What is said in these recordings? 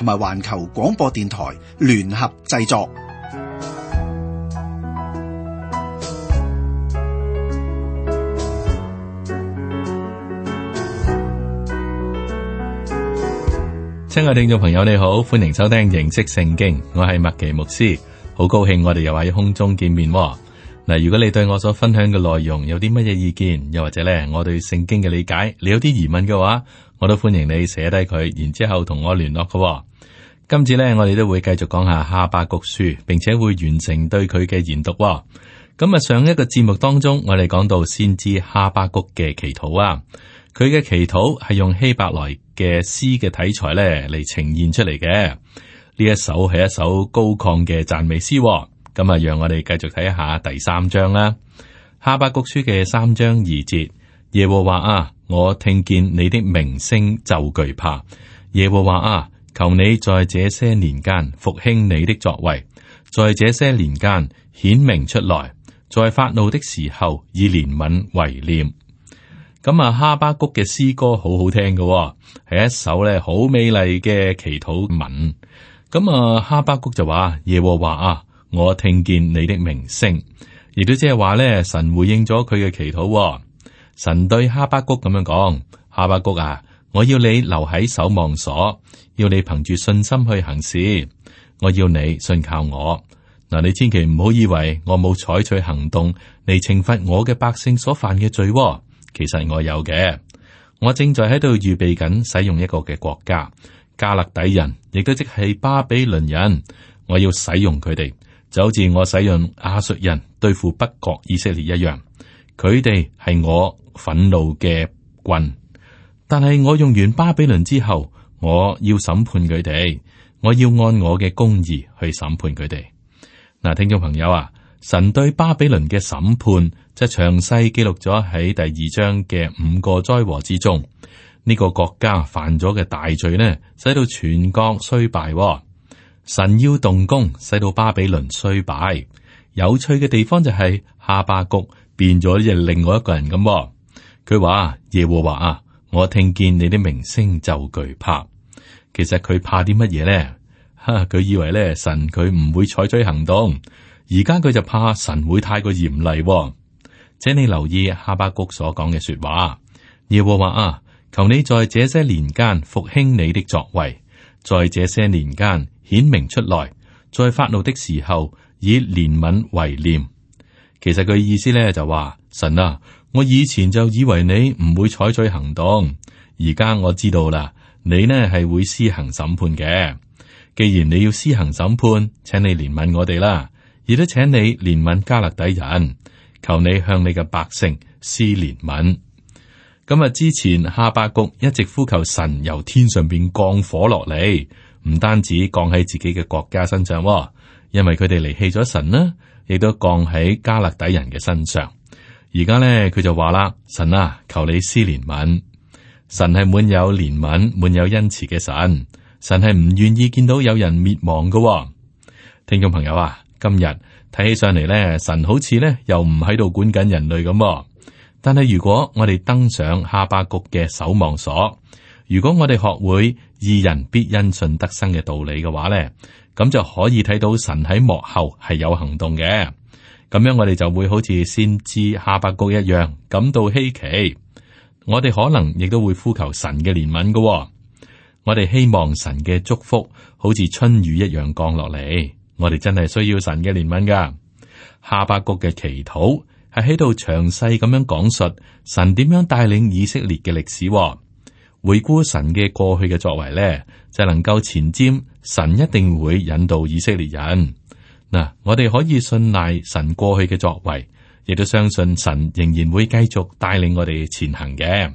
同埋環球廣播電台聯合製作，親愛聽眾朋友，你好，歡迎收聽認識聖經。我係麥奇牧師，好高興我哋又喺空中見面嗱。如果你對我所分享嘅內容有啲乜嘢意見，又或者咧我對聖經嘅理解，你有啲疑問嘅話，我都歡迎你寫低佢，然之後同我聯絡嘅。今次呢，我哋都會繼續講下《哈巴谷書》，並且會完成對佢嘅研讀、哦。咁、嗯、啊，上一個節目當中，我哋講到先知哈巴谷嘅祈禱啊，佢嘅祈禱係用希伯來嘅詩嘅題材咧嚟呈現出嚟嘅。呢一首係一首高亢嘅讚美詩、哦。咁、嗯、啊，讓我哋繼續睇下第三章啦，《哈巴谷書》嘅三章二節：耶和華啊，我聽見你的名聲就懼怕；耶和華啊。求你在這些年間復興你的作為，在這些年間顯明出來，在發怒的時候以憐憫為念。咁、嗯、啊，哈巴谷嘅詩歌好好聽嘅、哦，係一首咧好美麗嘅祈禱文。咁、嗯、啊，哈巴谷就話耶和華啊，我聽見你的名聲，亦都即係話咧神回應咗佢嘅祈禱、哦。神對哈巴谷咁樣講：哈巴谷啊，我要你留喺守望所。要你憑住信心去行事，我要你信靠我嗱。你千祈唔好以為我冇採取行動嚟懲罰我嘅百姓所犯嘅罪，哦。其實我有嘅，我正在喺度預備緊使用一個嘅國家加勒底人，亦都即係巴比倫人。我要使用佢哋，就好似我使用亞述人對付北國以色列一樣。佢哋係我憤怒嘅棍。但係我用完巴比倫之後。我要審判佢哋，我要按我嘅公義去審判佢哋。嗱，聽眾朋友啊，神對巴比倫嘅審判，就係詳細記錄咗喺第二章嘅五個災禍之中。呢個國家犯咗嘅大罪呢，使到全國衰敗、哦。神要動工，使到巴比倫衰敗。有趣嘅地方就係哈巴谷變咗，即另外一個人咁、哦。佢話「耶和華啊，我聽見你啲名聲就懼怕。」其實佢怕啲乜嘢呢？哈！佢以為咧，神佢唔會採取行動，而家佢就怕神會太過嚴厲哦。請你留意哈巴谷所講嘅說話。耶和華啊，求你在這些年間復興你的作為，在這些年間顯明出來，在發怒的時候以憐憫為念。其實佢意思呢，就話神啊，我以前就以為你唔會採取行動，而家我知道啦。你呢係會施行審判嘅，既然你要施行審判，請你憐憫我哋啦，亦都請你憐憫加勒底人，求你向你嘅百姓施憐憫。今日之前，哈巴谷一直呼求神由天上邊降火落嚟，唔單止降喺自己嘅國家身上，因為佢哋離棄咗神啦，亦都降喺加勒底人嘅身上。而家呢，佢就話啦，神啊，求你施憐憫。神係滿有憐憫、滿有恩慈嘅神，神係唔願意見到有人滅亡嘅喎。聽眾朋友啊，今日睇起上嚟咧，神好似咧又唔喺度管緊人類咁。但係如果我哋登上哈巴谷嘅守望所，如果我哋學會義人必因信得生嘅道理嘅話咧，咁就可以睇到神喺幕後係有行動嘅。咁樣我哋就會好似先知哈巴谷一樣，感到稀奇。我哋可能亦都會呼求神嘅憐憫嘅。哦，我哋希望神嘅祝福好似春雨一樣降落嚟。我哋真係需要神嘅憐憫噶。哈巴谷嘅祈禱係喺度詳細咁樣講述神點樣帶領以色列嘅歷史，哦，回顧神嘅過去嘅作為咧，就能夠前瞻神一定會引導以色列人。嗱，我哋可以信賴神過去嘅作為。亦都相信神仍然會繼續帶領我哋前行嘅。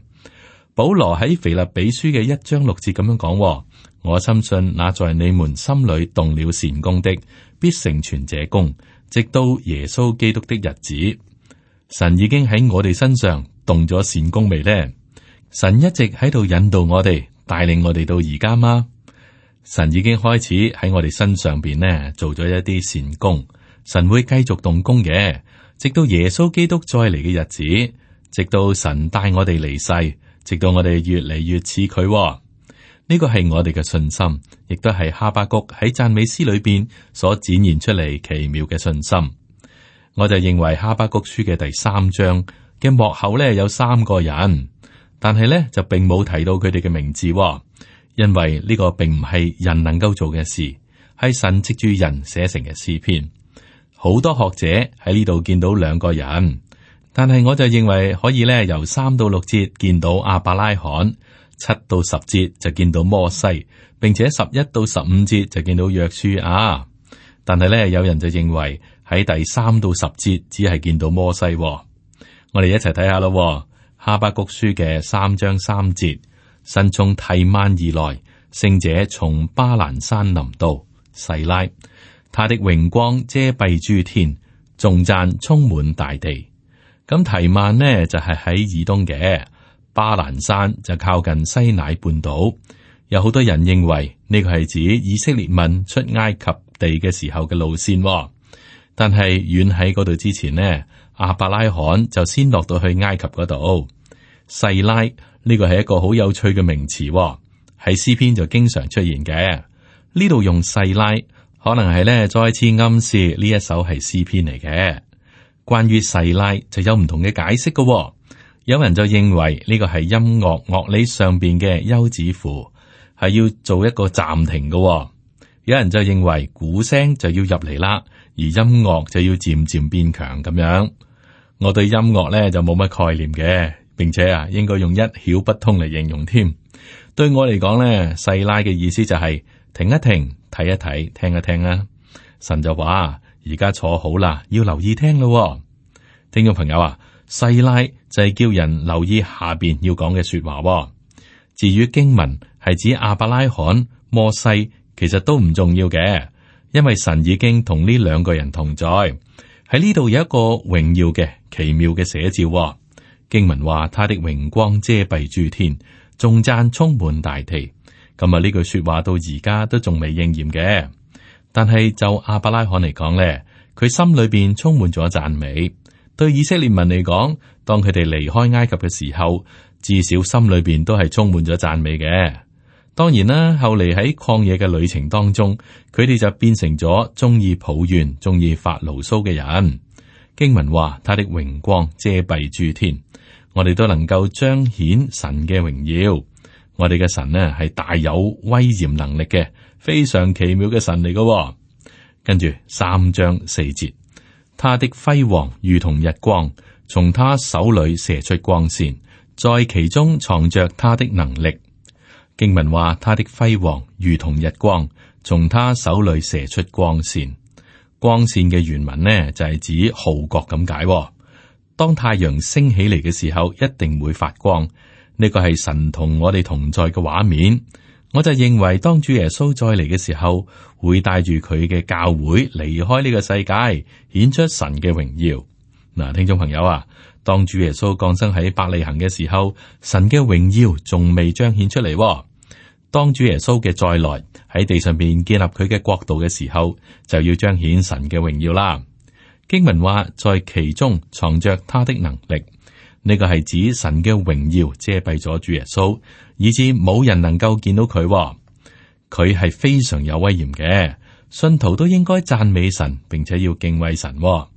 保羅喺腓立比書嘅一章六節咁樣講：我深信那在你們心裏動了善工的，必成全這工，直到耶穌基督的日子。神已經喺我哋身上動咗善工未咧？神一直喺度引導我哋，帶領我哋到而家嗎？神已經開始喺我哋身上邊咧做咗一啲善工，神會繼續動工嘅。直到耶穌基督再嚟嘅日子，直到神帶我哋離世，直到我哋越嚟越似佢。哦，呢、呢個係我哋嘅信心，亦都係哈巴谷喺讚美詩裏邊所展現出嚟奇妙嘅信心。我就認為哈巴谷書嘅第三章嘅幕後咧有三個人，但係咧就並冇提到佢哋嘅名字。哦，因為呢個並唔係人能夠做嘅事，係神藉住人寫成嘅詩篇。好多學者喺呢度見到兩個人，但係我就認為可以咧由三到六節見到亞伯拉罕，七到十節就見到摩西，並且十一到十五節就見到約書亞，但係咧有人就認為喺第三到十節只係見到摩西。我哋一齊睇下咯，《哈巴谷書》嘅三章三節，神從提幔而來，聖者從巴蘭山林到細拉。他的榮光遮蔽諸天，頌讚充滿大地。咁提曼呢就係、是、喺以東嘅巴蘭山，就靠近西乃半島。有好多人認為呢個係指以色列民出埃及地嘅時候嘅路線、哦。但係遠喺嗰度之前呢，亞伯拉罕就先落到去埃及嗰度。細拉呢個係一個好有趣嘅名詞、哦，喺詩篇就經常出現嘅。呢度用細拉。可能係咧，再次暗示呢一首係詩篇嚟嘅。關於細拉就有唔同嘅解釋嘅哦。有人就認為呢個係音樂樂理上邊嘅休止符，係要做一個暫停嘅哦。有人就認為鼓聲就要入嚟啦，而音樂就要漸漸變強咁樣。我對音樂咧就冇乜概念嘅，並且啊，應該用一竅不通嚟形容添。對我嚟講咧，細拉嘅意思就係停一停。睇一睇，聽一聽啦。神就話：而家坐好啦，要留意聽咯。聽眾朋友啊，細拉就係叫人留意下邊要講嘅說話。至於經文，係指阿伯拉罕、摩西，其實都唔重要嘅，因為神已經同呢兩個人同在。喺呢度有一個榮耀嘅奇妙嘅寫照。經文話：他的榮光遮蔽諸天，頌讚充滿大地。咁啊呢句說話到而家都仲未應驗嘅，但係就亞伯拉罕嚟講呢，佢心裏邊充滿咗讚美。對以色列民嚟講，當佢哋離開埃及嘅時候，至少心裏邊都係充滿咗讚美嘅。當然啦，後嚟喺曠野嘅旅程當中，佢哋就變成咗中意抱怨、中意發牢騷嘅人。經文話，他的榮光遮蔽諸天，我哋都能夠彰顯神嘅榮耀。我哋嘅神呢，係大有威嚴能力嘅，非常奇妙嘅神嚟嘅、哦。跟住三章四節，他的輝煌如同日光，從他手裏射出光線，在其中藏着他的能力。經文話他的輝煌如同日光，從他手裏射出光線。光線嘅原文呢就係、是、指號角咁解、哦。當太陽升起嚟嘅時候，一定會發光。呢個係神同我哋同在嘅畫面，我就認為當主耶穌再嚟嘅時候，會帶住佢嘅教會離開呢個世界，顯出神嘅榮耀。嗱，聽眾朋友啊，當主耶穌降生喺伯利恒嘅時候，神嘅榮耀仲未彰顯出嚟。當主耶穌嘅再來喺地上面建立佢嘅國度嘅時候，就要彰顯神嘅榮耀啦。經文話，在其中藏着他的能力。呢個係指神嘅榮耀遮蔽咗主耶穌，以致冇人能夠見到佢、喎。佢係非常有威嚴嘅，信徒都應該讚美神，並且要敬畏神、喎。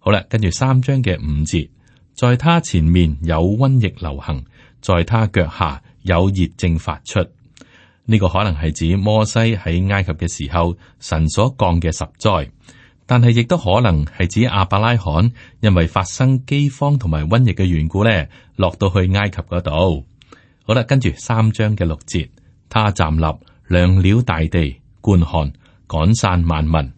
好啦，跟住三章嘅五節，在他前面有瘟疫流行，在他腳下有熱症發出。呢、這個可能係指摩西喺埃及嘅時候，神所降嘅十災。但係，亦都可能係指亞伯拉罕，因為發生饑荒同埋瘟疫嘅緣故咧，落到去埃及嗰度。好啦，跟住三章嘅六節，他站立量了大地，觀看趕散萬民，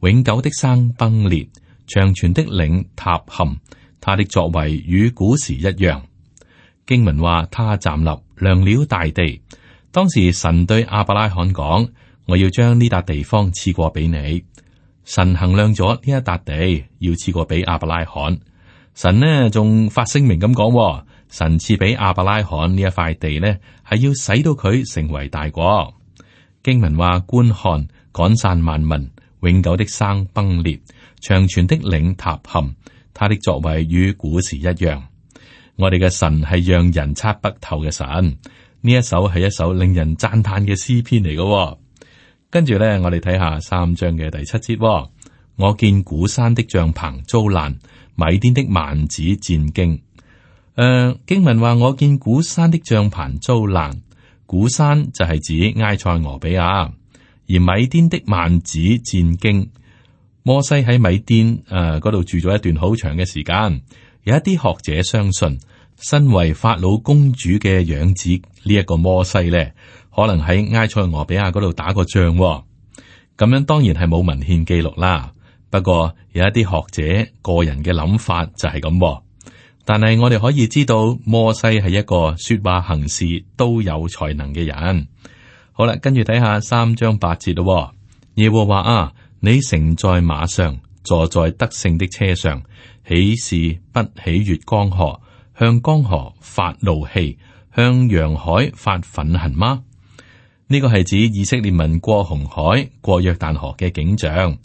永久的山崩裂，長存的嶺塌陷，他的作為與古時一樣。經文話，他站立量了大地，當時神對亞伯拉罕講：我要將呢笪地方賜過俾你。神衡量咗呢一笪地，要賜過俾亞伯拉罕。神呢仲發聲明咁講，神賜俾亞伯拉罕呢一塊地呢，係要使到佢成為大國。經文話：觀看，趕散萬民，永久的山崩裂，長存的嶺塌陷。他的作為與古時一樣。我哋嘅神係讓人猜不透嘅神。呢一首係一首令人讚嘆嘅詩篇嚟嘅。跟住咧，我哋睇下三章嘅第七節。我見古山的帳棚遭難，米甸的幔子戰兢。誒、呃，經文話，我見古山的帳棚遭難，古山就係指埃塞俄比亞，而米甸的幔子戰兢。摩西喺米甸誒嗰度住咗一段好長嘅時間，有一啲學者相信。身為法老公主嘅養子呢一、這個摩西呢，可能喺埃塞俄比亞嗰度打過仗。哦，咁樣當然係冇文獻記錄啦。不過有一啲學者個人嘅諗法就係咁。哦。但係我哋可以知道摩西係一個說話行事都有才能嘅人。好啦，跟住睇下三章八節咯。哦。耶和華啊，你乘在馬上，坐在得勝的車上，豈是不喜悅江河？向江河發怒氣，向洋海發憤恨嗎？呢個係指以色列民過紅海、過約旦河嘅景象。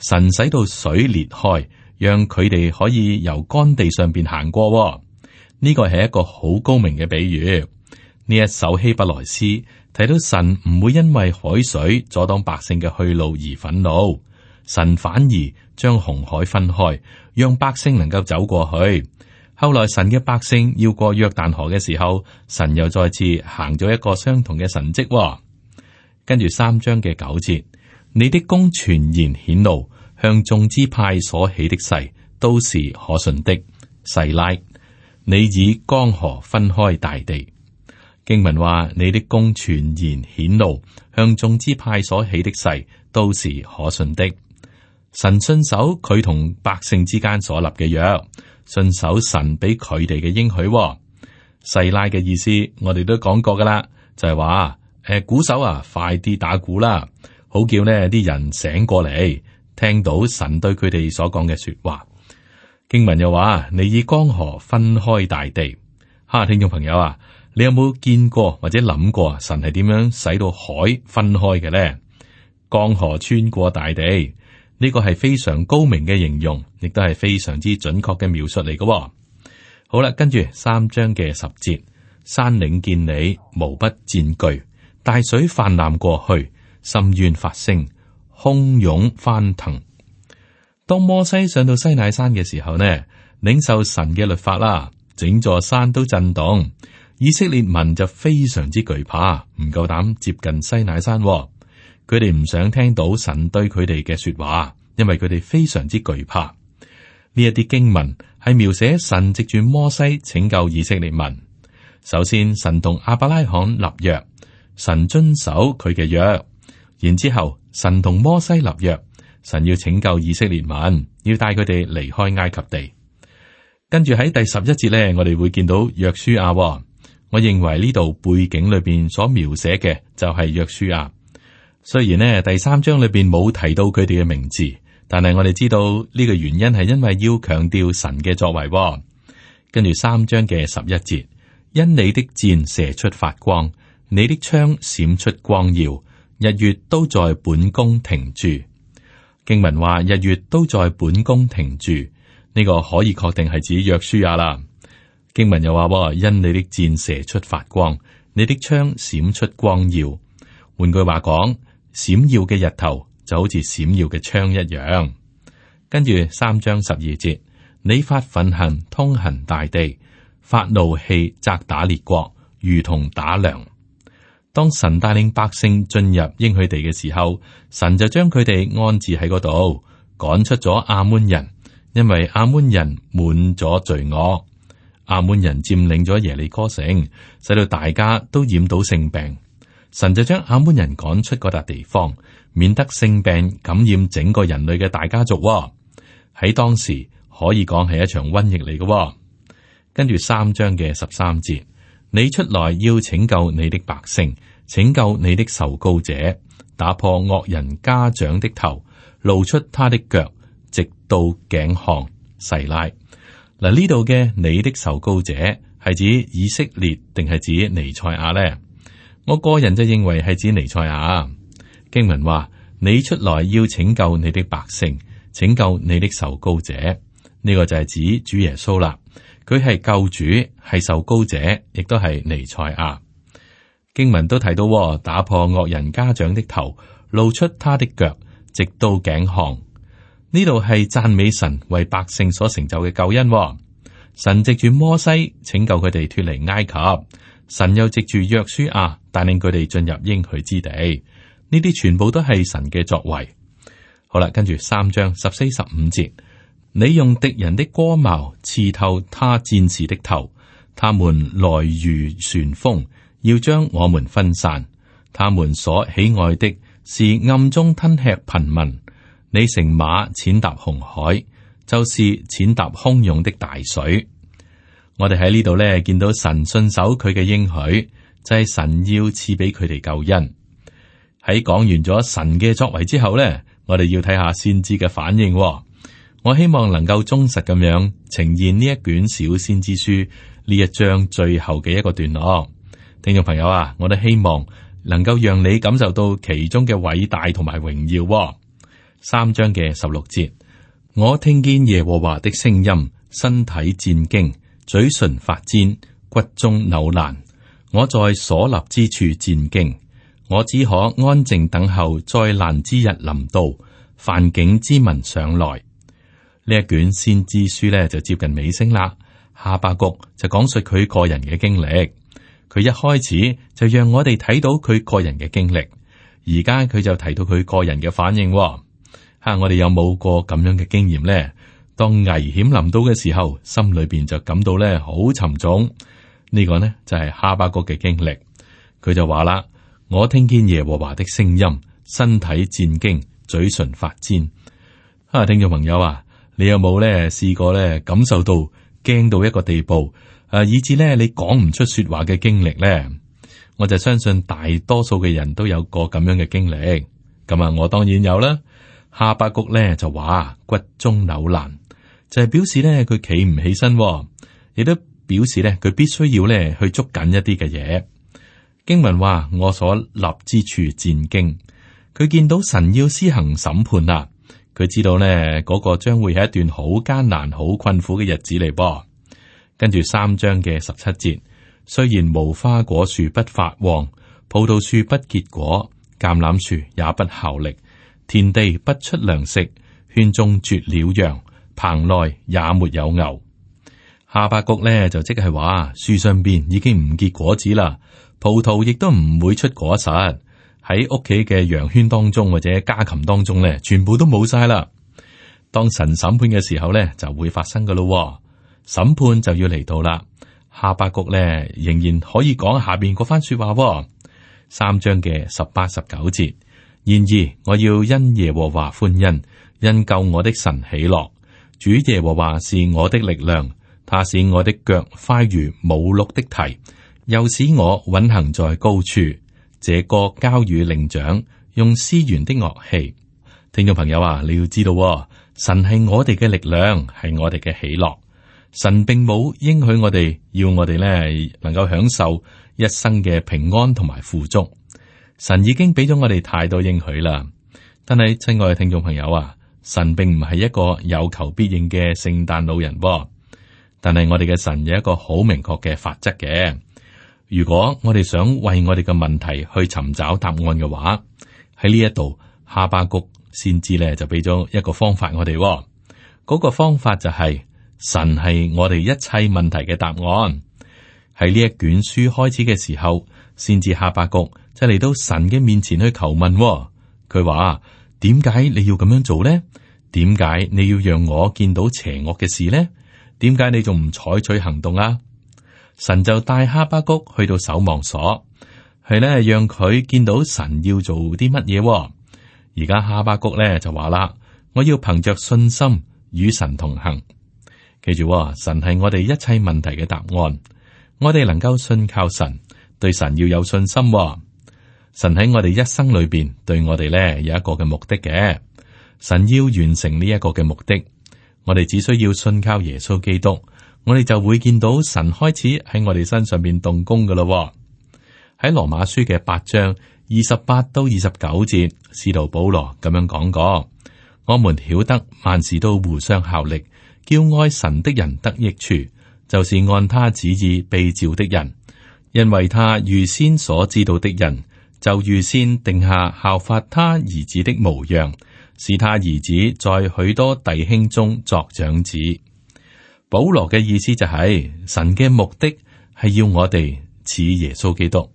神使到水裂開，讓佢哋可以由乾地上邊行過。呢個係一個好高明嘅比喻。呢一首希伯來詩睇到神唔會因為海水阻擋百姓嘅去路而憤怒，神反而將紅海分開，讓百姓能夠走過去。後來神嘅百姓要過約旦河嘅時候，神又再次行咗一個相同嘅神蹟，哦。跟住三章嘅九節，你的弓全然顯露，向眾支派所起的誓都是可信的。細拉，你以江河分開大地。經文話：你的弓全然顯露，向眾支派所起的誓都是可信的。神信守佢同百姓之間所立嘅約。信守神俾佢哋嘅應許、哦，細拉嘅意思我哋都講過噶啦，就係話誒，鼓手啊，快啲打鼓啦，好叫呢啲人醒過嚟，聽到神對佢哋所講嘅說話。經文又話，你以江河分開大地，哈，聽眾朋友啊，你有冇見過或者諗過啊？神係點樣使到海分開嘅咧？江河穿過大地。呢個係非常高明嘅形容，亦都係非常之準確嘅描述嚟嘅。好啦，跟住三章嘅十節，山嶺見你，無不戰懼；大水泛濫過去，深淵發聲，洶湧翻騰。當摩西上到西奈山嘅時候呢，領受神嘅律法啦，整座山都震動，以色列民就非常之懼怕，唔夠膽接近西奈山。佢哋唔想聽到神對佢哋嘅說話，因為佢哋非常之懼怕。呢一啲經文係描寫神藉住摩西拯救以色列民。首先，神同亞伯拉罕立約，神遵守佢嘅約，然之後神同摩西立約，神要拯救以色列民，要帶佢哋離開埃及地。跟住喺第十一節呢，我哋會見到約書亞。我認為呢度背景裏邊所描寫嘅就係約書亞。雖然呢第三章裏邊冇提到佢哋嘅名字，但係我哋知道呢個原因係因為要強調神嘅作為。跟住三章嘅十一節，這個，因你的箭射出發光，你的槍閃出光耀，日月都在本宮停住。經文話日月都在本宮停住，呢個可以確定係指約書亞啦。經文又話，因你的箭射出發光，你的槍閃出光耀。換句話講。閃耀嘅日頭就好似閃耀嘅槍一樣，跟住三章十二節，你發憤恨，通行大地，發怒氣，責打列國，如同打糧。當神帶領百姓進入應許地嘅時候，神就將佢哋安置喺嗰度，趕出咗阿捫人，因為阿捫人滿咗罪惡，阿捫人佔領咗耶利哥城，使到大家都染到性病。神就將亞捫人趕出嗰笪地方，免得性病感染整個人類嘅大家族。喺當時可以講係一場瘟疫嚟嘅。跟住三章嘅十三節，你出來要拯救你的百姓，拯救你的受膏者，打破惡人家長的頭，露出他的腳，直到頸項細拉。嗱呢度嘅你的受膏者係指以色列定係指彌賽亞呢？我個人就認為係指尼賽亞，經文話：你出來要拯救你的百姓，拯救你的受膏者。呢、這個就係指主耶穌啦。佢係救主，係受膏者，亦都係尼賽亞。經文都提到，打破惡人家長的頭，露出他的腳，直到頸項。呢度係讚美神為百姓所成就嘅救恩。神藉住摩西拯救佢哋脫離埃及，神又藉住約書亞。帶領佢哋進入應許之地，呢啲全部都係神嘅作為。好啦，跟住三章十四十五節，節嗯、你用敵人的戈矛刺透他戰士的頭，他們來如旋風，要將我們分散。他們所喜愛的是暗中吞吃貧民。你乘馬踐踏紅海，就是踐踏洶湧的大水。我哋喺呢度呢，見到神信守佢嘅應許。就係神要賜俾佢哋救恩。喺講完咗神嘅作為之後呢，我哋要睇下先知嘅反應。我希望能夠忠實咁樣呈現呢一卷小先知書呢一章最後嘅一個段落。聽眾朋友啊，我都希望能夠讓你感受到其中嘅偉大同埋榮耀。三章嘅十六節，我聽見耶和華的聲音，身體戰驚，嘴唇發顫，骨中朽爛。我在所立之處戰兢，我只可安靜等候災難之日臨到，犯境之民上來。呢一卷先知書呢就接近尾聲啦。哈巴谷就講述佢個人嘅經歷，佢一開始就讓我哋睇到佢個人嘅經歷，而家佢就提到佢個人嘅反應、哦。吓、啊，我哋有冇過咁樣嘅經驗呢？當危險臨到嘅時候，心裏邊就感到咧好沉重。呢個呢就係哈巴谷嘅經歷，佢就話啦：，我聽見耶和華的聲音，身體戰驚，嘴唇發顫。啊，聽眾朋友啊，你有冇呢？試過呢？感受到驚到一個地步，誒、啊，以致呢？你講唔出說話嘅經歷呢？我就相信大多數嘅人都有過咁樣嘅經歷。咁啊，我當然有啦。哈巴谷呢，就話骨中扭難，就係表示呢，佢企唔起身，亦都。表示呢，佢必須要呢去捉緊一啲嘅嘢。經文話：我所立之處戰兢，佢見到神要施行審判啦。佢知道呢嗰個將會係一段好艱難、好困苦嘅日子嚟噃。跟住三章嘅十七節，雖然無花果樹不發旺，葡萄樹不結果，橄欖樹也不效力，田地不出糧食，圈中絕了羊，棚內也沒有牛。哈巴谷咧，就即係話書上邊已經唔結果子啦，葡萄亦都唔會出果實，喺屋企嘅羊圈當中或者家禽當中咧，全部都冇晒啦。當神審判嘅時候咧，就會發生噶咯，哦。審判就要嚟到啦。哈巴谷咧，仍然可以講下邊嗰番說話，哦。三章嘅十八十九節，然而我要因耶和華歡欣，因救我的神喜樂。主耶和華是我的力量。怕使我的腳快如冇路的蹄，又使我運行在高處。這個交與靈長用思源的樂器。聽眾朋友啊，你要知道，神係我哋嘅力量，係我哋嘅喜樂。神並冇應許我哋，要我哋呢能夠享受一生嘅平安同埋富足。神已經畀咗我哋太多應許啦。但係，親愛嘅聽眾朋友啊，神並唔係一個有求必應嘅聖誕老人。但係我哋嘅神有一個好明確嘅法則嘅。如果我哋想為我哋嘅問題去尋找答案嘅話，喺呢一度哈巴谷先知咧就俾咗一個方法我哋，哦。嗰、那個方法就係、是、神係我哋一切問題嘅答案。喺呢一卷書開始嘅時候，先至哈巴谷就嚟到神嘅面前去求問，哦。佢話：點解你要咁樣做呢？點解你要讓我見到邪惡嘅事呢？」點解你仲唔採取行動啊？神就帶哈巴谷去到守望所，係呢，讓佢見到神要做啲乜嘢。而家哈巴谷呢，就話啦：「我要憑着信心與神同行。」記住哦，神係我哋一切問題嘅答案。我哋能夠信靠神，對神要有信心哦。神喺我哋一生裏邊，對我哋呢，有一個嘅目的嘅。神要完成呢一個嘅目的。我哋只需要信靠耶穌基督，我哋就會見到神開始喺我哋身上邊動工嘅咯。喺羅馬書嘅八章二十八到二十九節，使徒保羅咁樣講過：我們曉得萬事都互相效力，叫愛神的人得益處，就是按他旨意被召的人，因為他預先所知道的人，就預先定下效法他兒子的模樣。是他兒子，在許多弟兄中作長子。保羅嘅意思就係、是、神嘅目的係要我哋似耶穌基督。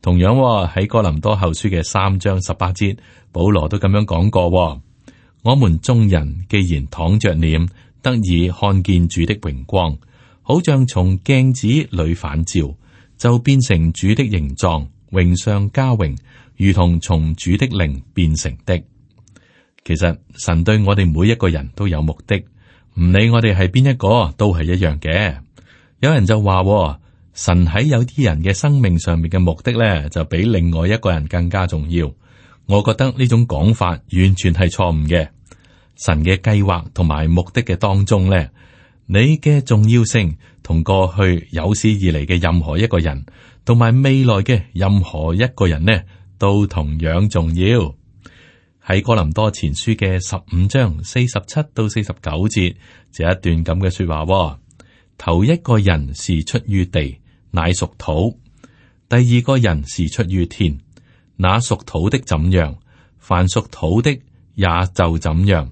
同樣喺、哦、哥林多後書嘅三章十八節，保羅都咁樣講過、哦。我們眾人既然敞着臉得以看見主的榮光，好像從鏡子裏反照，就變成主的形狀，榮上加榮，如同從主的靈變成的。其實神對我哋每一個人都有目的，唔理我哋係邊一個都係一樣嘅。有人就話，哦，神喺有啲人嘅生命上面嘅目的呢，就比另外一個人更加重要。我覺得呢種講法完全係錯誤嘅。神嘅計劃同埋目的嘅當中呢，你嘅重要性同過去有史以嚟嘅任何一個人，同埋未來嘅任何一個人呢，都同樣重要。喺哥林多前書嘅十五章四十七到四十九節，這、就是、一段咁嘅說話：頭一個人是出於地，乃屬土；第二個人是出於天，那屬土的怎樣，凡屬土的也就怎樣；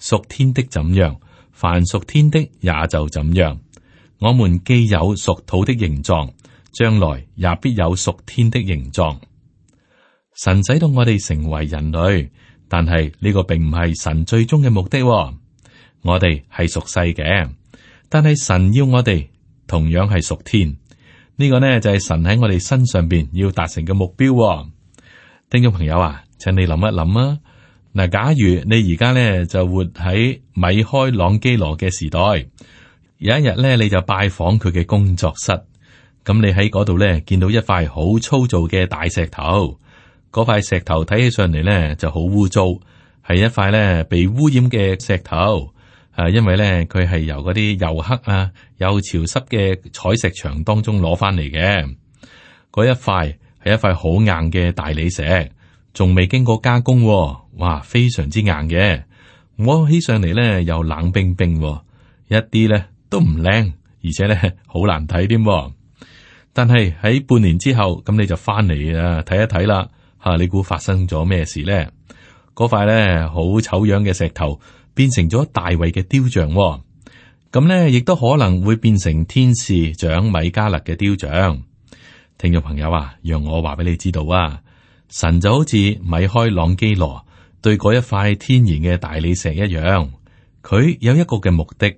屬天的怎樣，凡屬天的也就怎樣。我們既有屬土的形狀，將來也必有屬天的形狀。神使到我哋成為人類，但係呢個並唔係神最終嘅目的。我哋係屬世嘅，但係神要我哋同樣係屬天，呢個呢就係神喺我哋身上邊要達成嘅目標。聽眾朋友啊，請你諗一諗啊。嗱，假如你而家呢就活喺米開朗基羅嘅時代，有一日呢你就拜訪佢嘅工作室，咁你喺嗰度呢見到一塊好粗糙嘅大石頭。嗰塊石頭睇起上嚟咧就好污糟，係一塊咧被污染嘅石頭，啊，因為咧佢係由嗰啲又黑啊又潮濕嘅採石場當中攞翻嚟嘅。嗰一塊係一塊好硬嘅大理石，仲未經過加工、啊，哇，非常之硬嘅。摸起上嚟咧又冷冰冰、啊，一啲咧都唔靚，而且咧好難睇添、啊。但係喺半年之後，咁你就翻嚟啊，睇一睇啦。吓、啊、你估發生咗咩事咧？嗰塊咧好醜樣嘅石頭變成咗大衛嘅雕像、哦，咁咧亦都可能會變成天使長米迦勒嘅雕像。聽眾朋友啊，讓我話俾你知道啊，神就好似米開朗基羅對嗰一塊天然嘅大理石一樣，佢有一個嘅目的，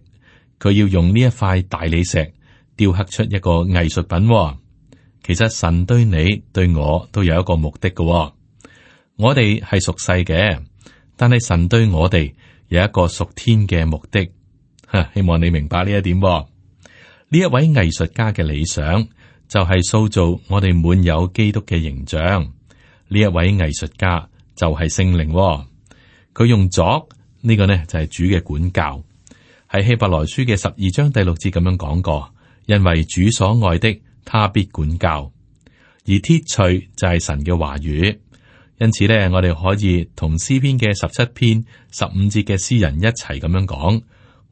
佢要用呢一塊大理石雕刻出一個藝術品、哦。其實神對你、對我都有一個目的嘅，我哋係屬世嘅，但係神對我哋有一個屬天嘅目的。哈，希望你明白呢一點、哦。呢一位藝術家嘅理想就係、是、塑造我哋滿有基督嘅形象。呢一位藝術家就係聖靈、哦，佢用咗呢、這個呢就係、是、主嘅管教，喺希伯來書嘅十二章第六節咁樣講過，因為主所愛的。他必管教，而鐵錘就係神嘅話語，因此咧，我哋可以同詩篇嘅十七篇十五節嘅詩人一齊咁樣講：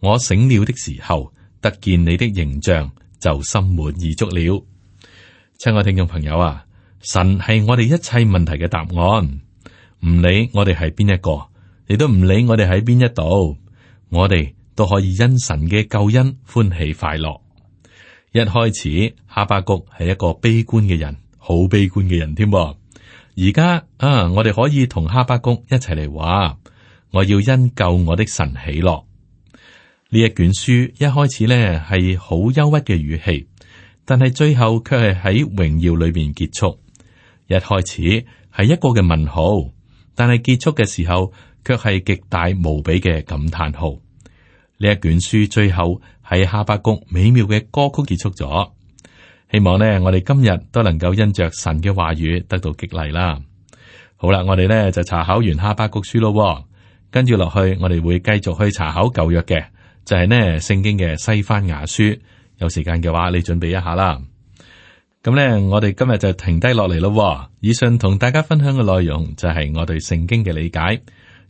我醒了的時候，得見你的形象，就心滿意足了。親愛聽眾朋友啊,神係我哋一切問題嘅答案，唔理我哋係邊一個，你都唔理我哋喺邊一度，我哋都可以因神嘅救恩歡喜快樂。一開始，哈巴谷係一個悲觀嘅人，好悲觀嘅人添。而家啊，我哋可以同哈巴谷一齊嚟話，我要因救我的神喜樂。呢一卷書一開始呢係好憂鬱嘅語氣，但係最後卻係喺榮耀裏面結束。一開始係一個嘅問號，但係結束嘅時候卻係極大無比嘅感嘆號。呢一卷書最後。喺哈巴谷美妙嘅歌曲結束咗，希望呢我哋今日都能夠因着神嘅話語得到激勵啦。好啦，我哋呢就查考完哈巴谷書咯，跟住落去我哋會繼續去查考舊約嘅，就係呢聖經嘅西番雅書。有時間嘅話，你準備一下啦。咁呢，我哋今日就停低落嚟咯。以上同大家分享嘅內容就係我對聖經嘅理解。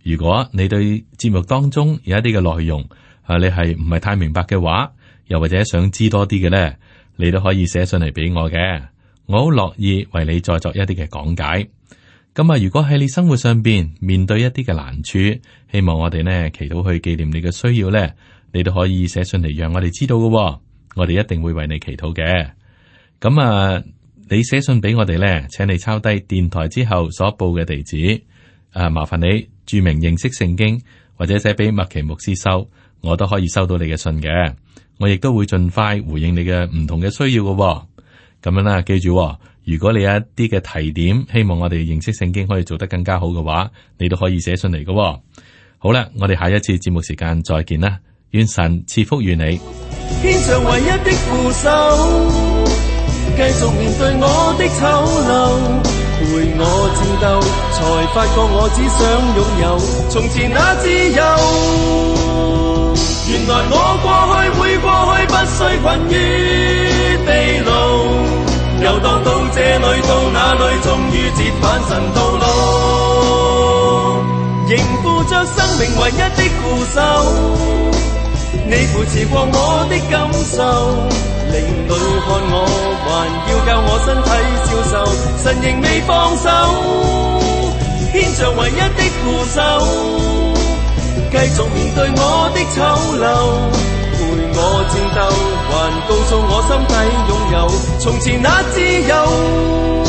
如果你對節目當中有一啲嘅內容，啊！你係唔係太明白嘅話，又或者想知多啲嘅呢？你都可以寫信嚟俾我嘅。我好樂意為你再作一啲嘅講解。咁、嗯、啊，如果喺你生活上邊面，面對一啲嘅難處，希望我哋呢祈禱去紀念你嘅需要呢，你都可以寫信嚟讓我哋知道嘅、哦。我哋一定會為你祈禱嘅。咁、嗯、啊，你寫信俾我哋呢，請你抄低電台之後所報嘅地址。誒、啊，麻煩你注明認識聖經，或者寫俾麥奇牧師收。我都可以收到你嘅信嘅，我亦都會盡快回應你嘅唔同嘅需要嘅、哦。咁樣啦、啊，記住、哦，如果你有一啲嘅提點，希望我哋認識聖經可以做得更加好嘅話，你都可以寫信嚟嘅、哦。好啦，我哋下一次節目時間再見啦，願神賜福於你。天上唯一的扶手，繼續面對我的醜陋，陪我戰鬥，才發覺我只想擁有。從前那自由。原來我過去會過去，不需困於地牢。遊蕩到這裏，到那裏，終於折返神道路，仍負著生命唯一的扶手。你扶持過我的感受，另類看我還要教我身體消瘦，神仍未放手，牽着唯一的扶手。繼續面對我的醜陋，陪我戰鬥，還告訴我心底擁有從前那自由。